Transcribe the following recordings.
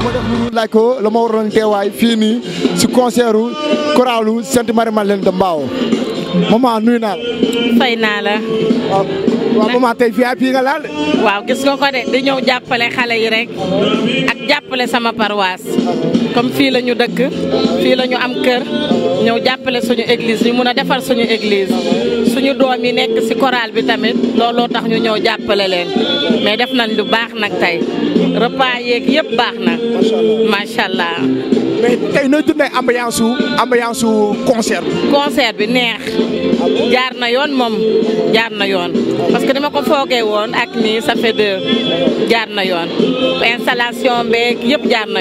bu ma def lu laaj ko la ma waroon teewaay si concert u koralu Sainte Marie Madeleine de Mbao maman nuyu naa waaw maman tey VIP nga laal de. waaw gis nga ko de di ñëw jàppale xale yi rek ak jàppale sama parwaas comme fii la ñu dëkk fii la ñu am kër ñëw jàppale suñu église ñu mun a defar suñu église suñu doom yi nekk si chorale bi tamit looloo tax ñu ñëw jàppale leen mais def nañ lu baax nag tey repas yeeg yëpp baax na macha allah. mais tu as ambiance ambiance concert concert bi neex. jaar na yoon moom jaar parce que dama ko foggé won ak ni ça fait deux jaar na yoon installation beeg yep, jaar na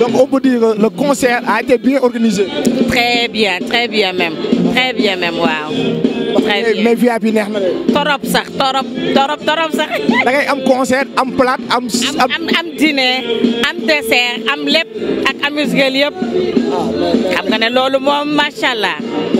donc on peut dire le concert a été bien organisé. très bien très bien même très bien même waouh. très bien mais VIP neex na de. torop sax torop torop torop sax. da am concert am plat am. am am dîner am dessert am lépp ak amuse-gueule yëpp. Ah, xam nga loolu moom macha allah.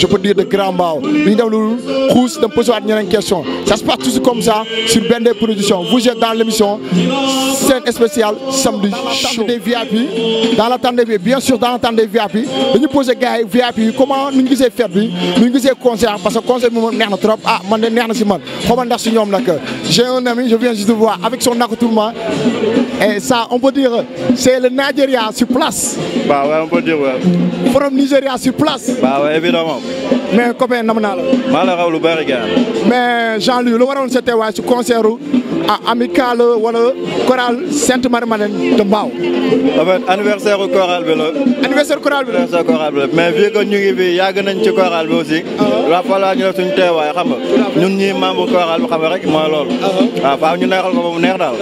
je peux dire de grand bao, duñu def ne pose pas une question ça se passe toujours comme ça sur Bendé Production vous êtes dans l'émission scène spéciale samedi Dans des VIP dans l'attente des VIP bien sûr dans l'attente des VIP Nous posons gars des VIP comment nous ñu faire fête Nous nu ñu concert parce que concert nous moom neex trop ah je suis un j'ai un ami je viens juste de voir avec son accoutrement et ça on peut dire c'est le Nigeria sur place. Bah ouais on peut dire ouais. from Nigeria sur place. Bah ouais, évidemment. Amen. mais copain nam naa la. maa lu bari gars. mais Jean-Louis lu waroon sa teewaay si concert à amicale wala chorale Sainte Marie Madeleine de Mbao. en anniversaire chorale bi la. anniversaire chorale bi la anniversaire chorale bi mais vu que ñu ngi fi yàgg nañ ci chorale bi aussi. waaw ah. fala ñu def suñu teewaay xam nga ñun ñii membre chorale bi xam nga rek mooy loolu. waaw ah. ah, faaw ñu neexal ko ba mu neex daal.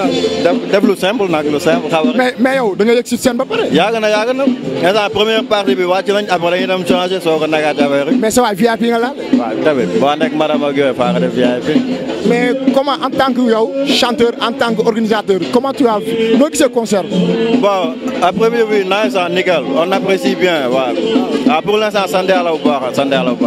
def simple nag lu simple xam nga mais mais yow da nga yëg si seen ba pare. yàgg na yàgg na instant première partie bi wàcc nañ après dañuy dem changer soo ko nagaat affaire yi. VIP nga laal. waaw tamit boo ànd ak maram ak yooyu faa nga def VIP. mais comment en tant que yow chanteur en tant qu'organisateur, comment tu as noo ce concert bon à première vue nice en hein, nickel on apprécie bien ah pour l'instant sant yàlla bu baax sant yàlla bu